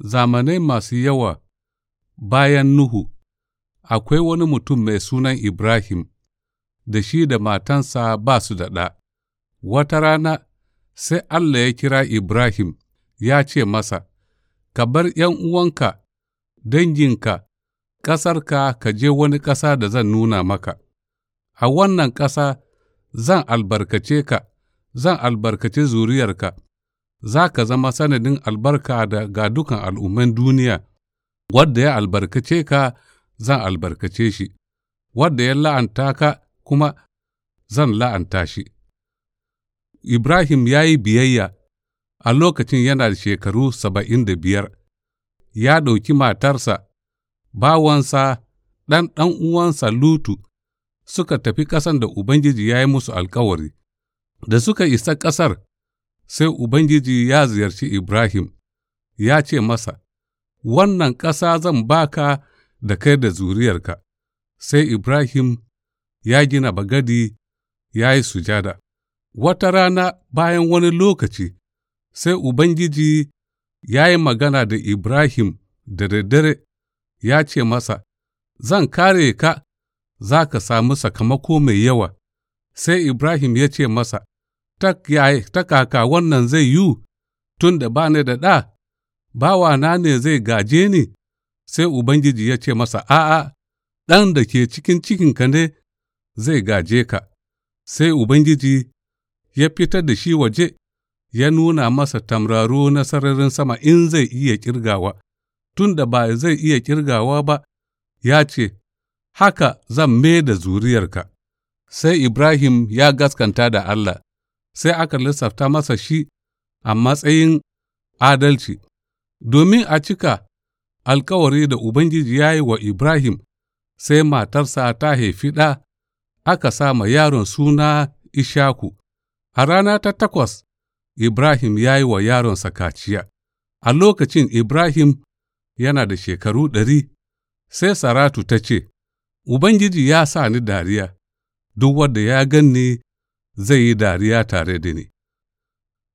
zamanai masu yawa bayan Nuhu, akwai wani mutum mai sunan Ibrahim, da shi da matansa ba su da ɗa. Wata rana sai Allah ya kira Ibrahim ya ce masa, Ka bar uwanka, danginka, ƙasarka ka je wani ƙasa da zan nuna maka. A wannan ƙasa zan albarkace ka, zan albarkaci zuriyarka. za ka zama sanadin albarka ga dukan al'umman duniya, wadda ya albarkace ka zan albarkace shi, wadda ya la'anta ka kuma zan la'anta shi. Ibrahim ya yi biyayya a lokacin yana da shekaru saba'in da biyar, ya ɗauki matarsa, bawansa, ɗan ɗan uwansa Lutu suka tafi ƙasan da Ubangiji ya yi musu alkawari. Da suka isa ƙasar, sai Ubangiji ya ziyarci Ibrahim, ya ce masa, Wannan ƙasa zan baka da kai da zuriyarka, sai Ibrahim ya gina bagadi ya yi sujada. Wata rana bayan wani lokaci, sai Ubangiji ya yi magana da Ibrahim da daddare, ya ce masa, Zan kare ka, za ka sami sakamako mai yawa. Sai Ibrahim ya ce masa, ta kaka wannan zai yiwu tun da ba ni da ɗa, na ne zai gaje ni, sai Ubangiji ya ce masa, A'a, ɗan da ke cikin cikinka ne zai gaje ka, sai Ubangiji ya fitar da shi waje, ya nuna masa tamraru na sararin sama in zai iya kirgawa, tun da ba zai iya kirgawa ba, ya ce, Haka zan me da zuriyarka. Sai Ibrahim ya gaskanta da Allah, sai aka lissafta masa shi a matsayin adalci, domin a cika alkawari da Ubangiji ya yi wa Ibrahim, sai matarsa ta haifi ɗa, aka sa ma yaron suna Ishaku. A rana ta takwas, Ibrahim ya yi wa yaronsa kaciya. A lokacin Ibrahim yana da shekaru ɗari, sai Saratu ta ce, Ubangiji ya sa ni dariya, duk wanda ya gan ni zai yi dariya tare da ni.